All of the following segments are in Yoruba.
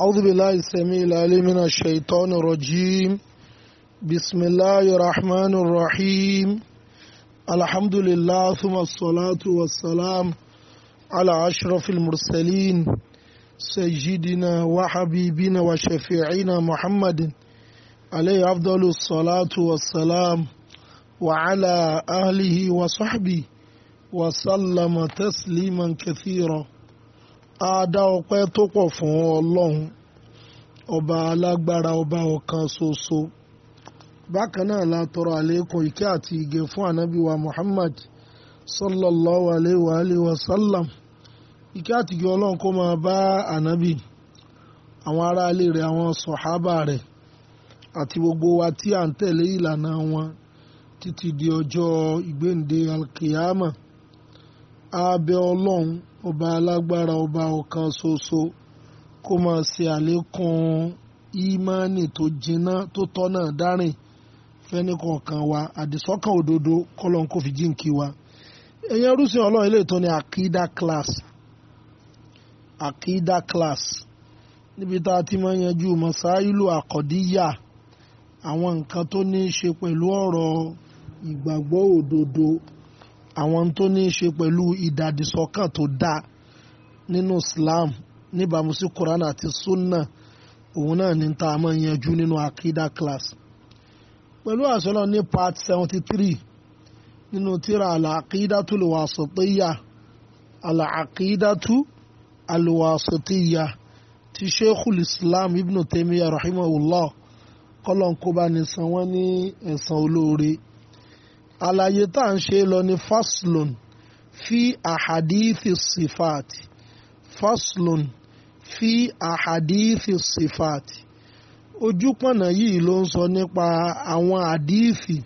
أعوذ بالله السميع العليم من الشيطان الرجيم بسم الله الرحمن الرحيم الحمد لله ثم الصلاة والسلام على أشرف المرسلين سيدنا وحبيبنا وشفيعنا محمد عليه أفضل الصلاة والسلام وعلى أهله وصحبه وسلم تسليما كثيرا a ọpẹ ọpẹ́ tó pọ̀ fún ọlọrun ọba alágbára ọba ọ̀kan ṣoṣo bákan náà la tọrọ àlékún ìkẹ́ àti ìgẹ̀ fún ànábì Muhammad sallallahu alayhi wa alayhi wa sallam ìkẹ́ àti ìgẹ̀ ọlọrun kó máa bá ànábì àwọn aráalé rẹ̀ àwọn sọ̀hábà rẹ̀ àti gbogbo wa tí à ń tẹ̀lé ìlànà wọn títí di ọjọ́ ìgbéǹde alkiyama a bẹ̀ ọlọ́run ọba alágbára ọba ọ̀kan ṣoṣo kó máa ṣe àlékún ìmánì tó jiná tó tọ́nà dárìn fẹ́nìkọ̀ọ̀kan wa àdìsọ́kàn òdodo kọ́lọ́n kò fi jíǹkí wa ẹ̀yẹn rúṣin ọlọ́run ilé ìtọ́ni akida class akida class níbi tá a ti máa yanjú masáìlú àkọ́díyà àwọn nǹkan tó ní í ṣe pẹ̀lú ọ̀rọ̀ ìgbàgbọ́ òdodo àwọn tó ní í ṣe pẹ̀lú ìdàdìsọ́kàn tó dáa nínú Islam níbàámu sí Quran àti Sunna òun náà ní tá a máa nínú akida class pẹ̀lú àṣọlọ ní part seventy three nínú tíra àlàkídàtú lùwàsọ̀tìyà àlàkídàtú àlùwàsọ̀tìyà ti sheikhul islam ibn taymiya rahimahullah kọ́lọ́n kó bá ní san wọ́n ní ẹ̀san olóore àlàyé tá à ń ṣe lọ ní faslun fi àhàdíìfì sífàtì faslun fi àhàdíìfì sífàtì ojúpọ̀nà yìí ló ń sọ nípa àwọn àdíìfì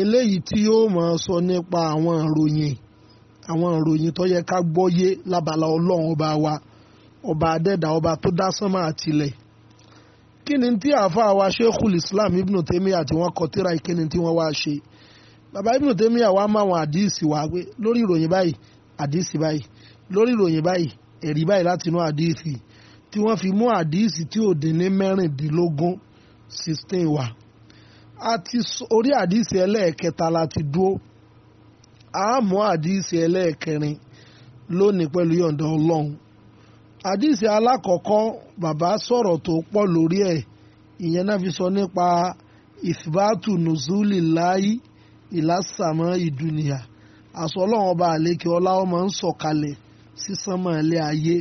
eléyìí tí yóò máa sọ nípa àwọn ìròyìn àwọn ìròyìn tó yẹ ká gbọ́yé lábala ọlọ́run ọba wa ọba adẹ́dà ọba tó dá sánmà àtìlẹ̀ kí ni tí àáfàá wa Sheikhul Islam Ibn Taymiyyah àti wọn kọ tíra tí wọ́n wá ṣe bàbá ibùdó tèmi àwa máa wọn àdìsí wa pé lórí ìròyìn báyìí àdìsí báyìí lórí ìròyìn báyìí ẹ̀rí báyìí láti inú àdìsí tí wọ́n fi mú àdìsí tí ò dín ní mẹ́rìndínlógún sixteen wa àti orí àdìsí ẹlẹ́ẹ̀kẹta láti dúró àmọ́ àdìsí ẹlẹ́ẹ̀kẹrin lónìí pẹ̀lú yọ̀ǹda ọlọ́run àdìsí alákọ̀ọ́kọ́ bàbá sọ̀rọ̀ tó pọ̀ lórí ẹ̀ ìyẹn náà fi sọ nípa ìfìbátù nùzúlì láyìí ìlàsàmọ́ ìdúnìyà àṣọ ọlọ́run ọba àlékè ọlá ọmọ ń sọ̀kalẹ̀ sísánmọ́ ilé ayé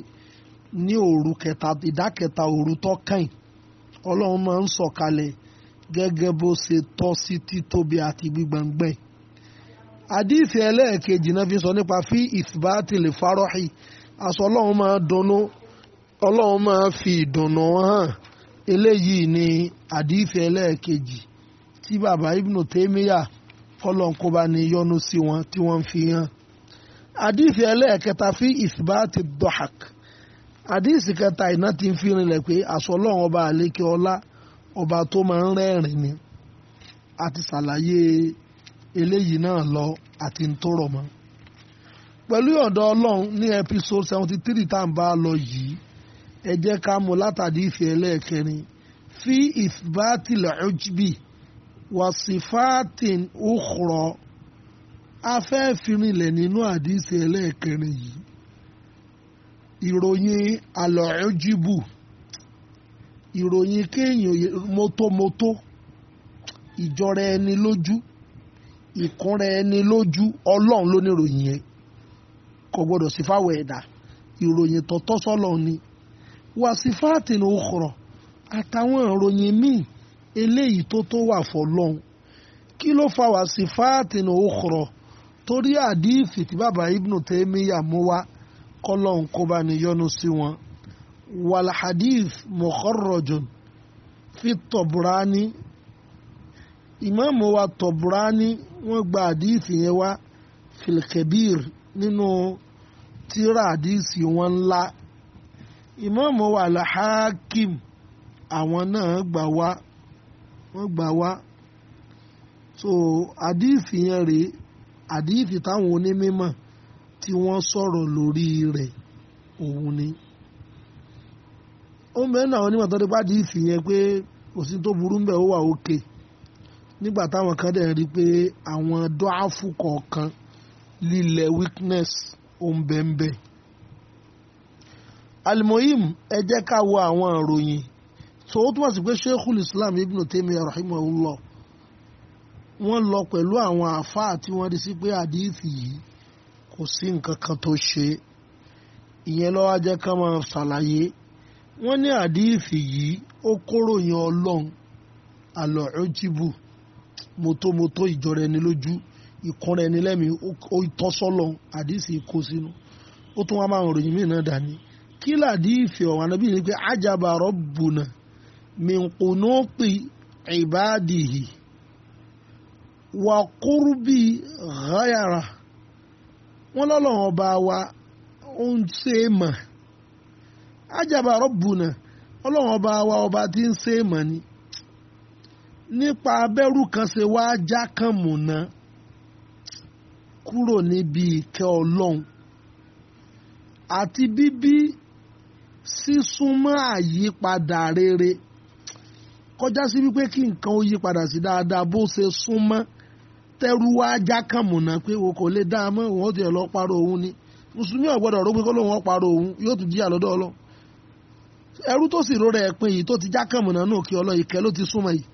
ní òru kẹta ìdá kẹta òru tọ́kàn ọlọ́run máa ń sọ̀kalẹ̀ gẹ́gẹ́ bó ṣe tọ́ sí títóbi àti gbígbàngbẹ́ àdìsí ẹlẹ́ẹ̀kejì náà fi sọ nípa fí ìsìbáàtì lè farọ́hì àṣọ ọlọ́run máa dunnú ọlọ́run máa fi ìdùnnú hàn eléyìí ni àdìsí ẹlẹ́ẹ̀kejì tí bàbá ibnu tèmíyà kọlọ́nkọba ni yọ́nú sí wọn tí wọ́n fi hàn. àdìsí ẹlẹ́ẹ̀kẹta fi ìsìbáàtì dọ́hàk àdìsí kẹta iná ti fi rinlẹ̀ pé aṣọ ọlọ́run ọba àlékè ọlá ọba tó máa ń rẹ́rìn ni àti ṣàlàyé eléyìí náà lọ àti ń tó rọ̀ mọ́. pẹ̀lú ọ̀dọ̀ ọlọ́run ní episode seventy three tá à ń bá a lọ yìí ẹ jẹ́ ká mú látàdí ìfẹ́ ẹlẹ́ẹ̀kẹrin fi ìsìbáàtì lẹ́ọ̀jì bíi wàsífàtìn òkúrọ̀ afẹ́fìrinlẹ̀ nínú àdìsí ẹlẹ́ẹ̀kẹrin yìí ìròyìn alọ́ọ̀jìbù ìròyìn kéèyàn mọ́tòmọ́tò ìjọra ẹni lójú ìkúnra ẹni lójú ọlọ́run ló ní ìròyìn yẹn kò gbọ́dọ̀ sí fáwọn ẹ̀dá ìròyìn tọ̀tọ̀ ni wàsífàtìn òkúrọ̀ àtàwọn ìròyìn míì eléyìí tó tó wà fọlọ́hún kí ló fa wá sí fáàtìnà òkúrọ̀ torí àdífì tí bàbá ibnu tèmíyà mú wá kọ́lọ́hún kó bá ní yọ́nú sí wọn walhadith mọ̀kọ́rọ̀jùn fi tọ̀bùrání ìmáàmù wa tọ̀bùrání wọ́n gba àdífì yẹn wá filkebir nínú tíra àdífì wọn ńlá ìmáàmù wa alhakim àwọn náà gbà wá wọ́n gbà wá so àdìsí yẹn rèé àdìsí táwọn onímọ̀ tí wọ́n sọ̀rọ̀ lórí rẹ̀ òun ni ó mẹ́rin àwọn onímọ̀ tó dé bá àdìsí yẹn pé kò sí tó burú mbẹ́ ó wà òkè nígbà táwọn kan dẹ̀ rí pé àwọn dọ́àfù kọ̀ọ̀kan lílẹ̀ weakness ó ń bẹ́ẹ̀ bẹ́ẹ̀ alimoyim ẹ jẹ́ ká wo àwọn ìròyìn so ó túmọ̀ sí pé sheikhul islam ibn rahim rahimahullah wọ́n lọ pẹ̀lú àwọn àáfàá tí wọ́n rí sí pé àdìsí yìí kò sí nǹkan kan tó ṣe ìyẹn ló wá jẹ́ ká máa ṣàlàyé wọ́n ní àdìsí yìí ó kóròyìn ọlọ́run àlọ́ ọ̀jìbù mọ́tòmọ́tò ìjọra ẹni lójú ìkọrẹ ẹni lẹ́mìí ó tọ́sọ́lọ́ àdìsí kó sínú ó tún wá máa ròyìn mí náà dání kí làdìsí ọ̀hún ànábì ní pé ajaba rabbuna من qunuti عباده وقرب غيره ghayara wọn lọ́lọ́run ọba wa ربنا ń ṣe é mọ̀ ajaba rabbuna ọlọ́run ọba wa ọba tí ń ṣe é nípa abẹ́rù kan ṣe wá já kan mùnà kúrò níbi ìkẹ́ ọlọ́run àti bíbí sísúnmọ́ àyípadà rere. Si kọjá sí wípé kí nǹkan ó yí padà sí dáadáa bó ṣe súnmọ́ tẹ́rù wá já kàmùnà pé o kò lè dá a mọ́ òun ó ti ẹ̀ lọ parọ́ òun ni mùsùlùmí ọ̀gbọ́dọ̀ rò pé kó lóun ó parọ́ òun yóò tún jíyà lọ́dọ̀ ọlọ́ ẹrú tó sì rọra ẹ̀pin yìí tó ti já kàmùnà náà kí ọlọ́ ìkẹ́ ló ti súnmọ́ yìí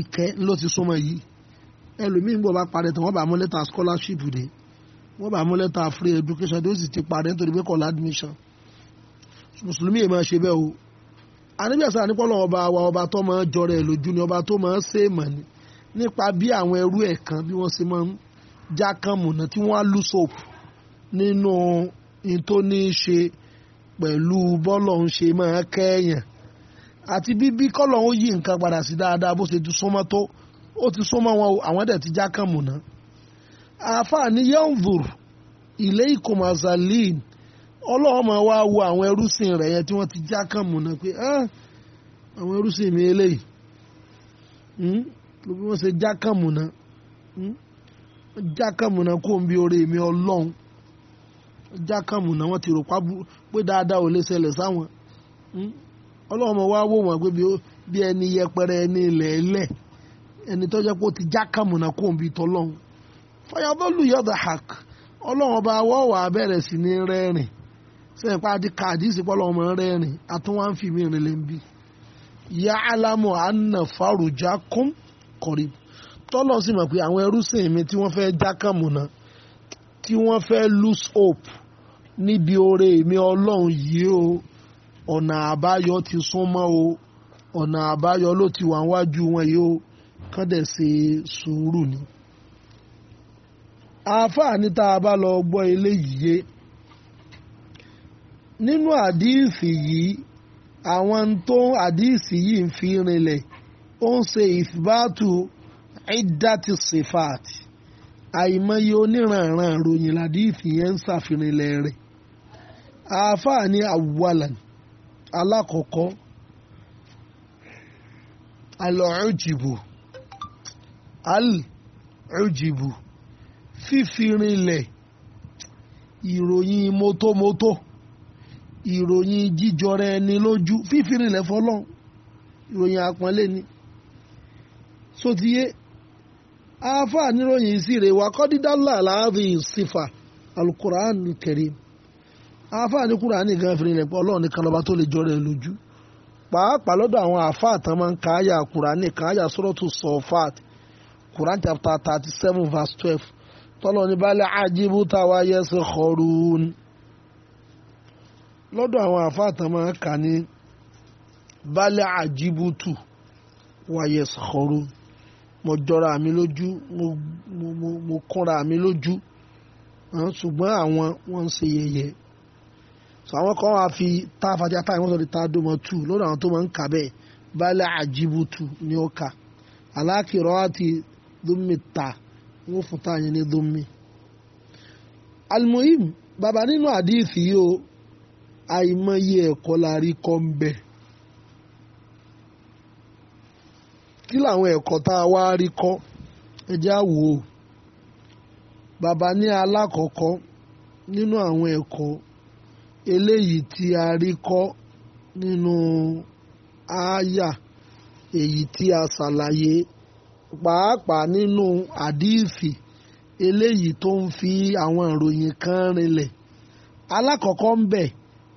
ìkẹ́ ló ti súnmọ́ yìí ẹlòmíín gbọ́ bá parẹ́ tán wọ́n bá mú lẹ́tà scholarship dé wọ́n bá mú lẹ́tà free education tó sì ti parẹ́ nítorí pé kọ́lá admission mùsùlùmí yìí àníbẹ̀sà nípọ́lọ̀ ọba wa ọba tó máa ń jọrọ ẹ̀ lójú ni ọba tó máa ń sèèmọ̀ ni nípa bí àwọn ẹrú ẹ̀ kan bí wọ́n ṣe máa ń já kan mọ̀nà tí wọ́n á lù sóòpù nínú in tó ní í ṣe pẹ̀lú bọ́lọ̀ ń ṣe máa kẹ́yàn àti bíbí kọ́lọ̀ ń yí nǹkan padà sí dáadáa bó ṣe ti súnmọ́ tó ó ti súnmọ́ wọn àwọn dẹ̀ ti já kan mọ̀nà àáfàá ni yẹ́ǹvùr ilé ìkọ̀mọ̀zàlíìnì ọlọ́run máa wá wo àwọn ẹrúsìn rẹ̀ yẹn tí wọ́n ti já kàn mọ̀nà pé ah, àwọn ẹrúsìn mi eléyìí hmm? ló bí wọ́n ṣe já kàn hmm? já kàn kó n bí orí mi ọlọ́run já kàn wọ́n ti rò pé dáadáa ò lè ṣẹlẹ̀ sáwọn hmm? wò wọ́n pé bí ẹni yẹpẹrẹ ẹni ilẹ̀ ẹlẹ̀ ẹni tó jẹ́ pé ó ti já kàn kó n bí tọ́lọ́run ọlọ́run ọba bẹ̀rẹ̀ sí ní rẹ́rìn sẹ́yìn pa àti kàdísì pọ́lọ́ ọmọ rẹ̀ rìn àtúnwá fi mí rìn ń bí. ya alamu anna faruja kum kọ̀rí tọ́lọ̀ sì mọ̀ pé àwọn ẹrúsìn mi tí wọ́n fẹ́ jákàmùnà tí wọ́n fẹ́ lose hope níbi oore mi ọlọ́run yìí o ọ̀nà àbáyọ ti súnmọ́ o ọ̀nà àbáyọ ló ti wà wájú wọn yìí o kán ṣe sùúrù ni. àáfàá ní tá a bá lọ gbọ́ eléyìí nínú àdíìsì yìí àwọn tó àdíìsì yìí ń fi rinlẹ̀ ó ń ṣe ìfibátù ìdátì sífàtì àìmọye oníranran ròyìn làdíìsì yẹn ń ṣàfihànlẹ̀ rẹ̀ àáfàá ní àwàlàn alákọ̀ọ́kọ́ alọ́ọ̀jìbù alọ́ọ̀jìbù fífi rinlẹ̀ ìròyìn mọ́tòmọ́tò. Moto, moto ìròyìn jíjọra ẹni lójú fífi rinlẹ̀ fọlọ́n ìròyìn àpọ́nlé ni sotiye afa níròyìn ìsire wa kọ́dídálà láàrin ìsìfà alukur'an karim afa ní kúránì gan fi rinlẹ̀ pé ọlọ́run nìkan lọ́ba tó lè jọra ẹ lójú pàápàá lọ́dọ̀ àwọn àfa àtàn máa ń ka àyà kúránì kan àyà suratu chapter thirty seven verse twelve tọ́lọ́ ní balẹ̀ ajibu táwa yẹ sí xọ́rùn lọ́dọ̀ àwọn àfáàtàn máa kà ní balẹ̀ àjíbútù wàyẹ̀ sọ̀rọ̀ mo jọra mi lójú mo kúnra mi lójú ṣùgbọ́n àwọn wọ́n ń ṣe yẹ̀yẹ́ sọ àwọn kan wá fi tá a fàjà táyì wọ́n sọ di tá a dó mọ́ tù lọ́dọ̀ àwọn tó máa ń kà bẹ́ẹ̀ balẹ̀ àjíbútù ni ó kà alákìrọ́ àti dùnmí ta wọ́n fún táyì ní dùnmí. almuhim bàbá nínú àdìsí yìí o àìmọye ẹ̀kọ́ la rí kọ́ ń bẹ̀. kí làwọn ẹ̀kọ́ tá a wá rí kọ́ ẹ já wò ó bàbá ní alákọ̀ọ́kọ́ nínú àwọn ẹ̀kọ́ eléyìí tí a rí kọ́ nínú àyà èyí tí a ṣàlàyé pàápàá nínú àdíìsì eléyìí tó ń fi àwọn ìròyìn kan rinlẹ̀ alákọ̀ọ́kọ́ ń bẹ̀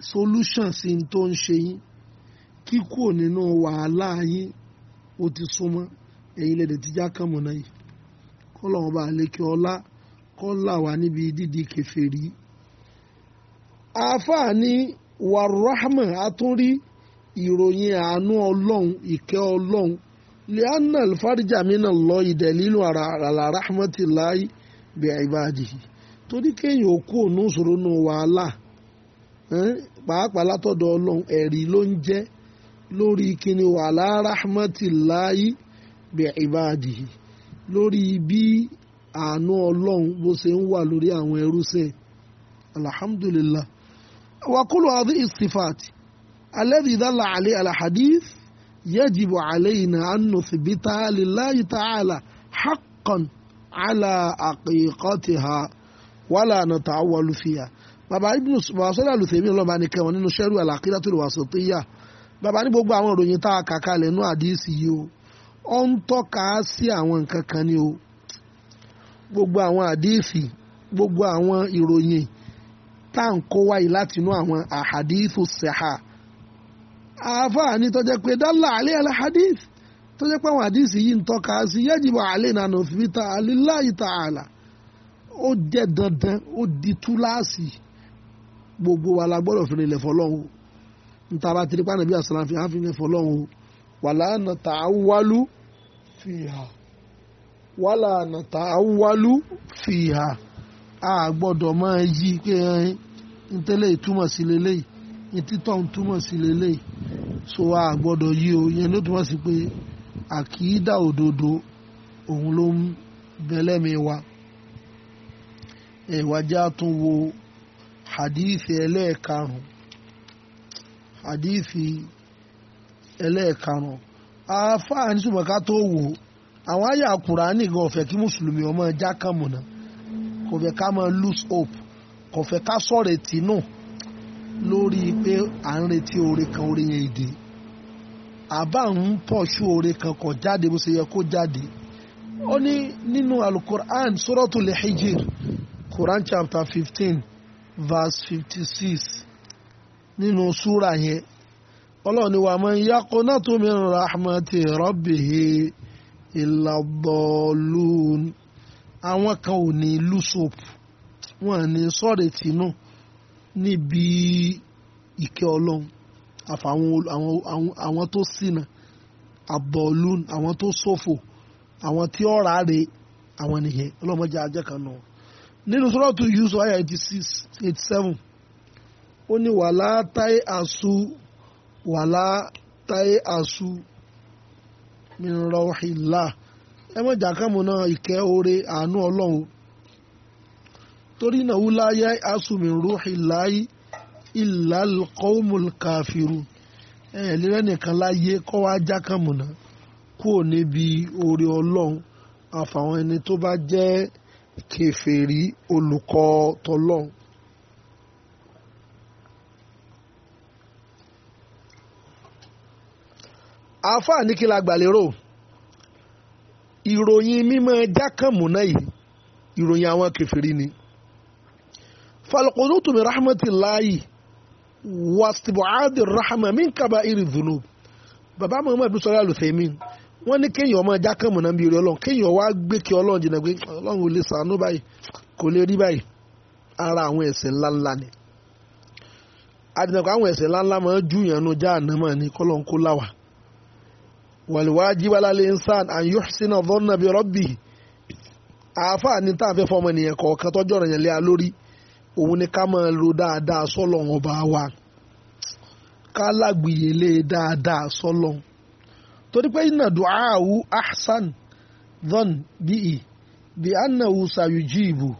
solution sí n tó ń ṣe yín kíkúrò nínú wàhálà yín ó ti súnmọ́ ẹ̀yin lẹ́dẹ̀ tíjà kàmùnà yìí kọ́lọ́wọ́n bá lékè ọlá kọ́là wà níbi dídi kẹfẹ́rí. àáfàá ní wàrúhàmà àtúrí ìròyìn àánú ọlọ́run ìkẹ́ ọlọ́run lianna alfarija mina lọ ìdẹ̀lílù alárahmatilayi bẹ̀ẹ́ ibadi torí kéèyàn ó kú sòrónú wàhálà. No pàápàá látọ̀dọ̀ ọlọ́run ẹ̀rí ló ń jẹ́ lórí kíni wàhálà rahmatillahi bi ibadihi lórí bí àánú ọlọ́run bó ṣe ń wà lórí àwọn ẹrúṣẹ́ alhamdulillah wakulu adi istifat alẹ́dì dala alẹ́ alahadith yajibu alayna an nuthbita lillahi ta'ala haqqan ala aqiqatiha wala nata'awwalu fiha bàbá ibnu bàbá lùtẹ̀mí ọlọ́ba nìkan wọn nínú sẹ́rù àlàkírà tó lè wà sọ́tò yá bàbá ní gbogbo àwọn ìròyìn tá a kà kalẹ̀ nú àdíìsì yìí o ó ń tọ́ka sí àwọn nǹkan kan ni o gbogbo àwọn àdíìsì gbogbo àwọn ìròyìn tá à ń kó wáyé láti inú àwọn àhàdíìsù sẹ̀hà àfààní tó jẹ́ pé dálà alẹ́ àhàdíìsì tó jẹ́ pé àwọn àdíìsì yìí ń tọ́ka sí yẹ́jìbọ̀ alẹ́ ìnànà òfin ta àlíláyìí ta àlà ó jẹ́ dandan ó di túláàsì gbogbo wa la gbọ́dọ̀ fìrìn lẹ̀ fọlọ́hún níta bá tiri pàànà bí àsàlàn fi hàn fìrìn lẹ̀ fọlọ́hún wàlà àna tà á wálú fi hà wàlà àna tà á wálú fi hà a gbọ́dọ̀ máa yí pé ntẹ́lẹ̀ ìtumọ̀ sí lélẹ́yìí ntítọ́ ń sí lélẹ́yìí so a gbọ́dọ̀ yí o yẹn ló túmọ̀ sí pé àkìídà òdodo òun ló ń bẹlẹ́mi wa ẹ̀wájá tún wo hadithi ẹlẹ́ẹ̀karùn hadithi ẹlẹ́ẹ̀karùn àáfàá ní sùmọ̀ká tó wò ó àwọn àyà kùránì gan ọ̀fẹ́ kí mùsùlùmí ọmọ ẹja kan mọ̀nà kò fẹ́ ká máa lose hope kò fẹ́ ká sọ̀rètí nù lórí pé à ń retí oore kan oore yẹn èdè àbá ń pọ̀ sí oore kan kò jáde bó ṣe yẹ kó jáde ó ní nínú alukur'an suratul hijir quran chapter fifteen verse fifty six nínú súra yẹn ọlọ́run ni wà á man yaqnatu min rahmati rabbihi illa ddallun àwọn kan ò ní lùsọ̀pù wọn ní sọ̀rẹ̀ tìǹù níbi ìkẹ́ ọlọ́run àfàwọn tó ṣìnà àbọ̀lùn àwọn tó ṣòfò àwọn tí ọ̀rá rè àwọn nìyẹn ọlọ́mọdé ajẹ́ kan náà nínú sọ́rọ́tù Yusuf ayé eighty six eighty seven ó ní wàlá táyé àṣù wàlá táyé àṣù mìírànlá ẹ mọ̀ jàkàmù náà ìkẹ́ oore àánú ọlọ́run torí náà wúláyé àṣù mìírànlá ìlà kọ́ọ̀mùl káfíru ẹ̀ lérẹ́ nìkan láyé kọ́ wá jákàmù náà kúrò níbi oore ọlọ́run àfàwọn ẹni tó bá jẹ́ ẹ̀ kèfèrí olùkọ́ tọlọ́hun. àáfàá ní kí la gbàlérò ìròyìn mímọ jákàmùná yìí ìròyìn àwọn kèfèrí ni falqonutu min rahmatillahi wastibuadi rahma min kaba iri dhunub baba muhammad sọlá alùsẹ̀mí wọ́n ní kéèyàn ọmọ ẹja kàn mọ̀nà bí orí ọlọ́run kéèyàn wá gbé kí ọlọ́run jìnnà pé ọlọ́run ò lè sàánú báyìí kò lè rí báyìí ara àwọn ẹ̀ṣẹ̀ ńláńlá ni àdìnàkọ àwọn ẹ̀ṣẹ̀ ńláńlá máa ń ju ìyànnú jáàná mọ̀ ní kọ́lọ́n kó láwà wàlúwájú wàlá lè ń sàn àn yóò sínú ọ̀dọ́ náà bí rọ́bì àáfàá ni tá à ń fẹ́ fọmọ ènìyàn kọ̀ọ̀kan tọ́jọ́ ọ̀rọ̀ yẹn lé a lórí òun ni ká torí pé inna du'a'u ahsan bí bihi bi annahu sayujibu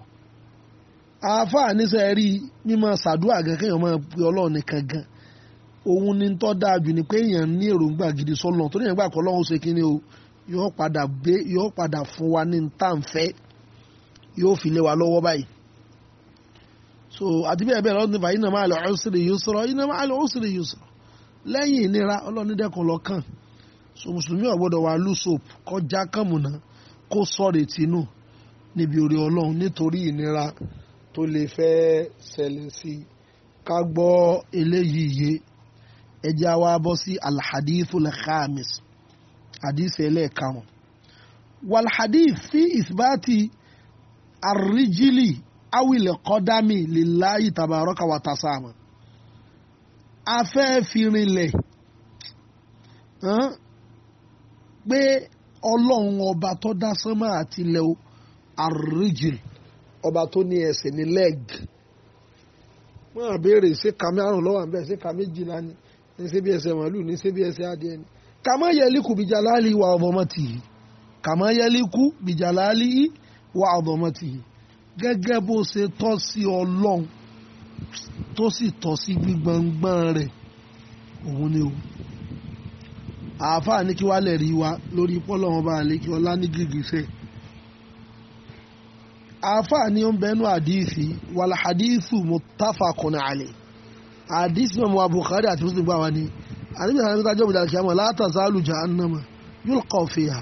àáfàá níṣẹ́ rí mímọ sàdúrà gan kéèyàn máa ọlọ́run nìkan gan òun ni tó dáa ni pé èèyàn ní èròǹgbà gidi sọ́lọ́ torí èèyàn gbà kọ́ ọlọ́run ṣe kínní o yóò padà gbé yóò padà fún wa ní ntàǹfẹ́ yóò fi lé wa lọ́wọ́ báyìí so àti bẹ́ẹ̀ bẹ́ẹ̀ lọ́dún nípa iná máa lọ iná máa lọ lẹ́yìn ìnira ọlọ́run so mùsùlùmí ọ̀gbọ́dọ̀ wà lùsòp kọjá kàmùnà kó sọ̀rọ̀ tìǹù níbi orí ọlọ́run nítorí ìnira tó lè fẹ́ ṣẹlẹ̀ sí i ká gbọ́ eléyìí yé ẹjẹ́ wa bọ́ sí alhadithul khamis hadith ẹlẹ́ẹ̀karùn walhadith fi isbati arrijili awil kọ́dámì lillahi tabaraka wa tasama afẹ́ fi pé ọlọ́run ọba tó dá sánmà àti ilẹ̀ o àríjìn ọba tó ní ẹsẹ̀ ní leg wọ́n àbẹ̀rẹ̀ ṣé ka márùn lọ́wọ́ àbẹ̀ ṣé ka méjìlá ni ní ṣé bí ẹsẹ̀ màálù ní ṣé bí ẹsẹ̀ adìẹ ni kàmá yẹlíkù bìjàlálì wà ọ̀bọ̀mọ́tì yìí kàmá yẹlíkù bìjàlálì wà ọ̀bọ̀mọ́tì yìí gẹ́gẹ́ bó ṣe tọ́ sí ọlọ́run tó sì tọ́ sí gbígbọ̀ngbọ̀n rẹ̀ òun ni o àáfàá ní kí wàá lè rí wa lórí pọ́lọ́ wọn bá lè kí ọlá ní gìgísẹ̀. àáfàá ní ó ń bẹnu àdìsí wàlá àdìsù muttafaqun alayh àdìsí náà mo àti Muslim gbà wá ní àdìsí náà nígbà jọ́bù dàkí àmọ́ la tazalu jahannama yulqa fiha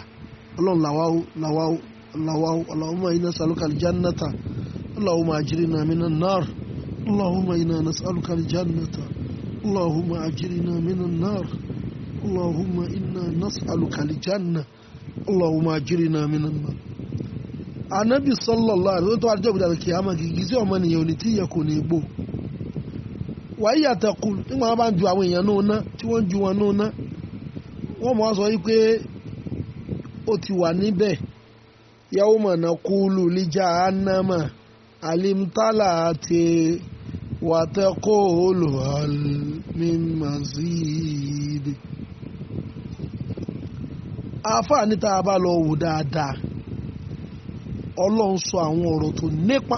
ọlọ́run làwáwó làwáwó làwáwó Allahumma inna nas'aluka al-jannata Allahumma ajirna minan nar Allahumma inna nas'aluka al-jannata اللهم إنا نسألك الجنة اللهم أجرنا من النار anabi sọlọlọ àdúgbò tó àdúgbò dàbí kìí àmà kìí gísí ọmọ nìyẹn ò ní tí ìyẹn kò ní gbò wàá yàtọ̀ kù nígbà wọn bá ń ju àwọn èèyàn náà ná tí wọ́n ń ju wọn náà ná wọ́n mọ̀ sọ wípé ó ti wà níbẹ̀ yàwó mọ̀nà kúlù lìjà ánámà alimtala àti wàtẹ́kọ̀ọ́ olùhàlmímàzíì. Afa níta bá lọ wò dáadáa ọlọ́run sọ àwọn ọ̀rọ̀ tó nípa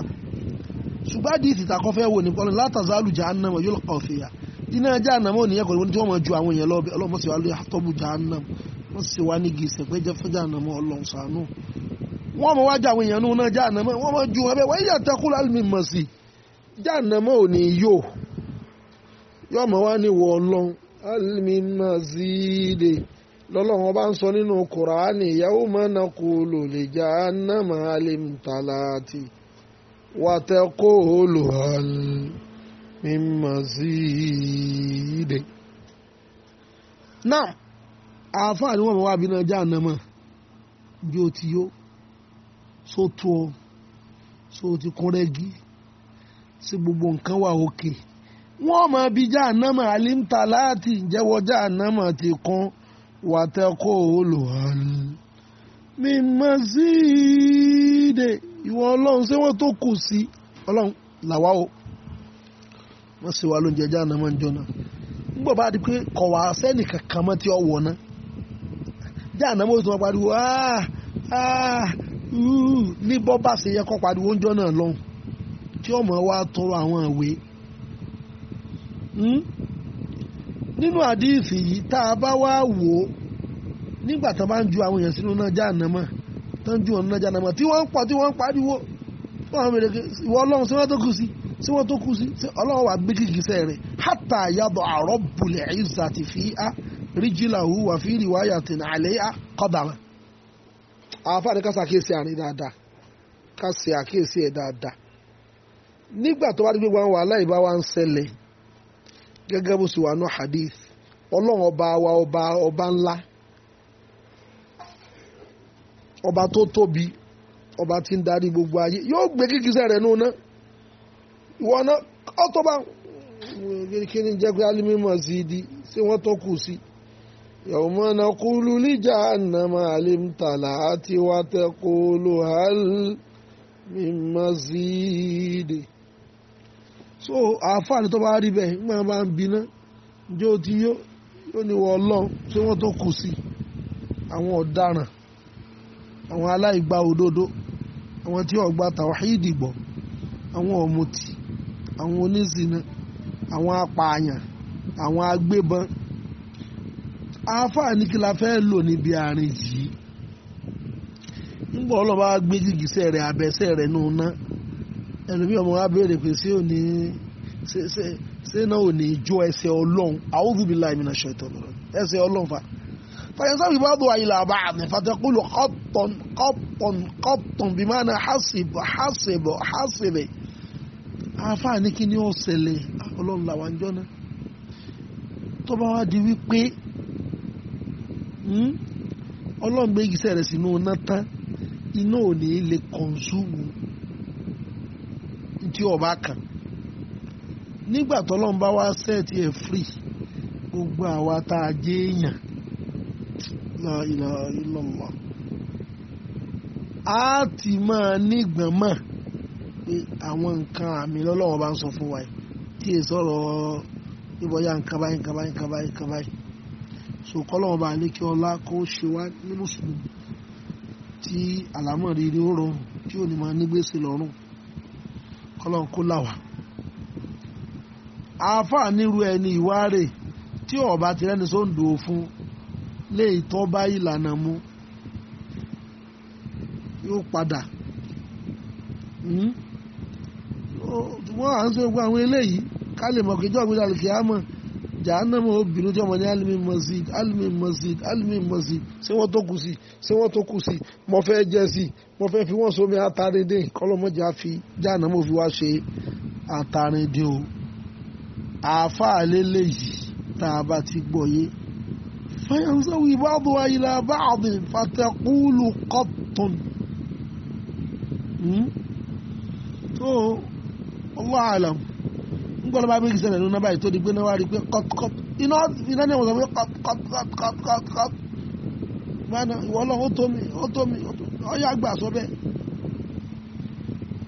ṣùgbọ́n àdìsí takọ́ fẹ́ wò ní pọ́n látàzálù jahannama yóò kàn fi ya iná jahannama ò ní ẹ̀kọ́ níwọ̀n tí wọ́n máa ju àwọn èèyàn lọ́bẹ̀ ọlọ́run sì wá lóye àtọ́bù jahannama wọ́n sì wá ní gèsè pé jẹ́ fún jahannama ọlọ́run sànú wọ́n máa wájà àwọn èèyàn náà jahannama wọ́n máa ju wọn wọ́n yà tẹ́kù lálùmí mọ̀ sí jahannama ò ní yó yọ́ọ̀mọ̀ wá ní wọ ọlọ́run alùmí mọ̀ sí i lọ́lọ́run bá ń sọ nínú kùránì yawma naqulu li jahannama alim talati wa taqulu hal min mazid. náà àáfàá ni wọ́n bá wá bínú jahannama bí o ti yó sótú ọ so ti kún rẹ́gí sí gbogbo nǹkan wà òkè wọ́n mọ̀ bí jahannama alim talati jẹ́wọ́ jahannama ti kún wàtẹ́kọ̀ọ́ lò hàn mí mọ́sídẹ̀ ìwọ ọlọ́run ṣé wọ́n tó kù sí ọlọ́run làwa o wọ́n sì wá lóúnjẹ jáde náà máa ń jọ́nà nígbà bá di pé kọ̀ wá sẹ́nì kankan mọ́ tí ọ wọ̀ ná jáde náà mo tún wọn pariwo áá ah, áá ah, ní bọ́ bá ṣe yẹ kọ́ pariwo oúnjẹ náà lọ́hùn tí ọmọ wa tọrọ àwọn ìwé hmm? nínú àdíìsì yìí tá a bá wá wò ó nígbà tó bá ń ju àwọn èèyàn sínú náà tó ń ju ọ̀nà náà jáànámà tí wọ́n ń pọ̀ tí ń pariwo àwọn ìwọ tó sí tó sí wà gbé kìkì ti fi á ríjìlá hu wà fi rí wáyà tì náà àlẹ́ á kọ́dà wọn. àáfàá ni ká ṣàkíyèsí àárín dáadáa ká ṣe àkíyèsí ẹ̀ dáadáa nígbà gẹ́gẹ́ bó ṣe wà ní hadith ọlọ́run ọba wa ọba ọba ńlá ọba tó tóbi ọba tí ń darí gbogbo ayé yóò gbé kíkísẹ́ rẹ̀ nù ná ìwọ náà ọtọ́ bá kí ni jẹ́ pé alimimọ̀ sí di ṣé wọ́n tó kù sí i yawma naqulu li jahannama alim talati wa taqulu hal min mazid so àáfàá tó bá rí bẹ́ẹ̀ nígbà bá ń biná njẹ́ o ti yó yóò ní wọ ọlọ́run ṣé wọ́n tó kù sí àwọn ọ̀daràn àwọn aláìgbà òdodo àwọn tí ó gba tàwáhídì gbọ́ àwọn ọ̀mùtì àwọn oníṣìnà àwọn apààyàn àwọn agbébọn àáfàá kí la fẹ́ lò níbi àárín yìí nígbà ọlọ́ba nù náà ẹlòmí ọmọ wa béèrè pé ṣé ò ní ṣé náà ò ní jó ẹsẹ̀ ọlọ́run a'udhu billahi minash shaitonir rajim ẹsẹ̀ ọlọ́run fa fàyẹ̀sáwì bá dùn àyìnlá àbá àmì fàtẹ́kùlù kọ́pọ̀n kọ́pọ̀n kọ́pọ̀n bí máa na hásìbọ̀ hásìbọ̀ hásìbẹ̀ àáfàá ní kí ni ó ṣẹlẹ̀ ọlọ́run làwọn àjọ náà tó bá wá di wípé hmm, ọlọ́run gbé igisẹ́ rẹ̀ sínú náà tán iná ò ní lè kọ̀ǹsúmù tí ọba kan nígbà tọ́lọ́run bá wá sẹ́ẹ̀tì ẹ̀ e free gbogbo àwa tá a jẹ́ èèyàn la ilaha illallah a ti máa nígbàmọ̀ pé àwọn nǹkan àmì lọ́lọ́wọ́ bá ń sọ fún wa yìí tí è sọ̀rọ̀ ìbọ̀yà nǹkan báyìí nǹkan báyìí nǹkan báyìí nǹkan báyìí so kọ́lọ́wọ́ bá ní kí ọlá kó ṣe wá ní mùsùlùmí tí àlámọ̀rí rí ó rọrùn tí ò ní máa nígbèsè lọ́rùn kọ́lọ́n kó là wá. àáfàá nírú ẹni ìwárè tí ọba ti rẹ́ni sóńdò fún lè tọ́ bá ìlànà mu yóò padà hmm? wọ́n à ń sọ gbogbo àwọn eléyìí ká lè mọ̀ kéjọ́ gbéra lè mọ̀ jahannama ó bínú tí ọmọ ní alimi masjid alimi masjid alimi masjid ṣé wọ́n tó kù sí ṣé wọ́n tó kù sí mo fẹ́ jẹ́ sí mo fẹ́ fi wọ́n sómi àtàrídé kọ́lọ́mọ́jà fi jahannama ó fi wá ṣe àtàrídé o àáfàá lélẹ́yìí tá a bá ti gbọ́ yé fayansawi báàbò ayílá báàbò fatakulu kọ́tùn hmm? tó Allah alam ngbọ́dọ̀ bá bíríkì sẹ̀lẹ̀ lónà báyìí tó di gbéná wá rí pé kọ́kọ́ iná iná ní ọ̀sán pé kọ́kọ́kọ́kọ́kọ́ mọ́nà ìwọ lọ ó tó mi ó tó mi ọyá gbà sọ bẹ́ẹ̀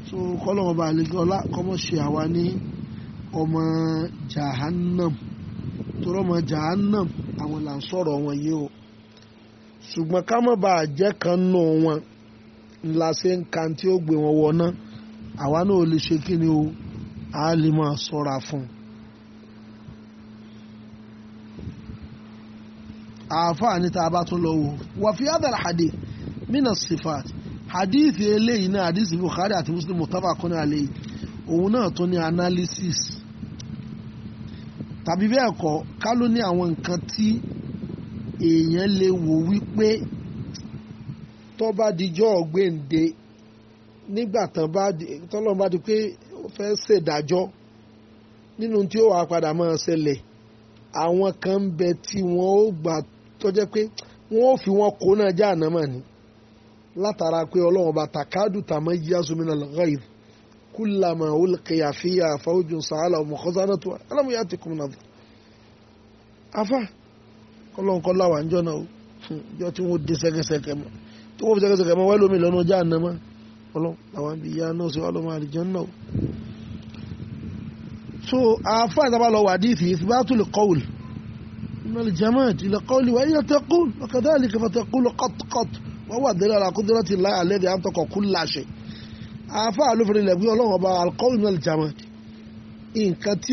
so kọ́lọ́mọ bá lè ọlá kọ́mọ ṣe àwa ní ọmọ jahannam torọ́ ọmọ jahannam àwọn là ń sọ̀rọ̀ wọn yìí o ṣùgbọ́n ká má jẹ́ kan nù wọn ńlá ṣe ń tí ó gbé wọn wọ náà àwa náà ò lè ṣe kí ni o a lè máa sọ́ra fún un. àáfàá ni bá tún lọ wà fi hadal hadith mina sifat hadith eléyìí náà hadith Bukhari àti Muslim muttafaqun alayhi òun náà tún ní analysis tàbí bẹ́ẹ̀ kọ́ ká ló ní àwọn nǹkan tí èèyàn lè wò wípé tó bá dijọ́ ọ̀gbẹ́ǹde nígbà tán bá di pé ó fẹ́ ṣèdájọ́ nínú tí ó wàá padà máa ṣẹlẹ̀ àwọn kan ń bẹ tí wọ́n ó gbà tọ́jẹ́ pé wọ́n ó fi wọn kó náà jáàná mà ní látara pé ọlọ́run bá takádù tàmọ́ yíyásù mi náà lọ́gọ́ yìí kúlàmà olùkẹ́yà fìyà fawjun sàálà ọmọkọ́sánà tó alámù yá ti kùn náà. afa ọlọ́run kọ́ láwàá ń jọ náà o jọ tí wọ́n dé sẹ́kẹ́sẹ́kẹ́ mọ́ tí wọ́n fi sẹ́kẹ́sẹ́kẹ́ mọ́ wẹ́lómi lọ́nà jáàná mọ́ ọlọ́run làwọn ibi ìyá náà sí wà lọ́mọ àlìjánnà so àáfà ìtàbà lọ wà díìsì ìsìbátùlù kọ́wùl iná lè jẹ́ mọ́ẹ̀tì ilẹ̀ kọ́wùl wà yíyá tẹ́kù lọ́kàdá àlè kẹfà tẹ́kù lọ kọ́tkọ́t wọ́n wà délé ara kúndúrà ti láyà lẹ́dí à ń tọkọ̀ kú láṣẹ. àáfà àlùfẹ́rẹ́ ilẹ̀ gbé ọlọ́run ọba alkọ́wùl iná lè jẹ́ mọ́ẹ̀tì nǹkan tí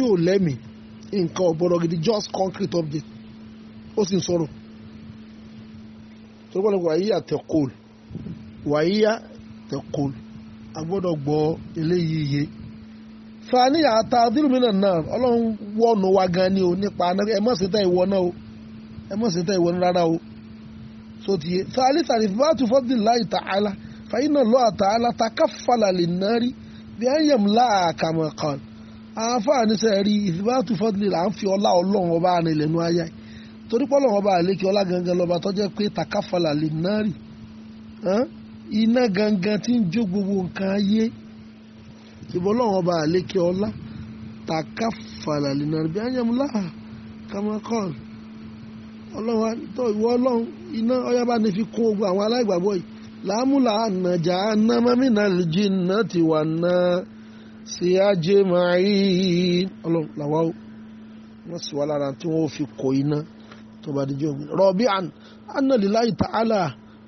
ò tẹ̀kọ́l a gbọ́dọ̀ gbọ́ eléyìí yé fàníyà ata dírúmínà náà ọlọ́run wọ̀nù wa gan ni o nípa ẹ mọ̀ sí tẹ̀ ìwọ náà o ẹ mọ̀ sí tẹ̀ ìwọ náà rárá o so ti yé sàlísà ní fàtú fọ́dí láì tààlà fàyínà lọ́ àtàlà takàfàlà lè nárí bí a ń yẹ̀m láà kàmọ̀ kan àǹfààní sẹ́ẹ̀rí ìfìbátú fọ́dílì là ń fi ọlá ọlọ́run ọba àrìn lẹ́nu ayá yìí torí ọlọ́run ọba àlékè ọlá gangan lọ́ba tó jẹ́ pé takàfàlà lè náà iná gangan tí ń jó gbogbo nǹkan ayé ṣùgbọ́n ọlọ́run ọba àlékè ọlá tàkà fàlàlì náà bí ányàmúlá kamakọ́n ọlọ́run tó ìwọ ọlọ́run iná ọyábá ni fi kó gbogbo àwọn aláìgbàgbọ́ yìí làámúlà ànàjà anamamina jìnnà ti wà ná sí ajé máa rí ọlọ́run làwa ó wọ́n sì wá lára tí wọ́n fi kó iná tó bá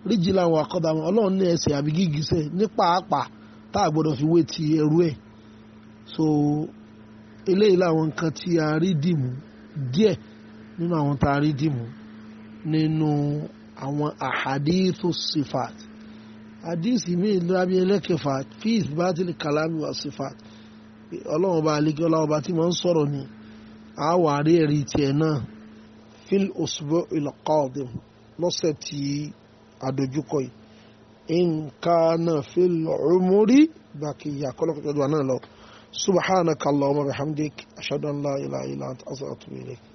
ríjì làwọn àkọ́dà wọn ọlọ́run ní ẹsẹ̀ àbí gígísẹ̀ ní pàápàá tá a gbọ́dọ̀ fi wé ti ẹrú ẹ̀ so eléyìí làwọn nǹkan tí a rí dìmú díẹ̀ nínú àwọn tá a rí dìmú nínú àwọn àhàdíìtù sífàt àdíìsì míì lábí ẹlẹ́kẹfà fi ìsìbátìlì kàlámì wà sífàt ọlọ́run ọba àlekí ọlọ́run ọba tí wọ́n ń sọ̀rọ̀ ni àwọ̀ àrí ẹ̀rí tiẹ̀ náà fil usbu' al qadim lọ́sẹ̀ tí àdójúkọ yìí nǹkan fil umuri bàkìyà kọ́lọ́kọ́jọ́ náà lọ subhanaka allahumma bihamdik ashhadu an la ilaha illa anta astaghfiruka wa atubu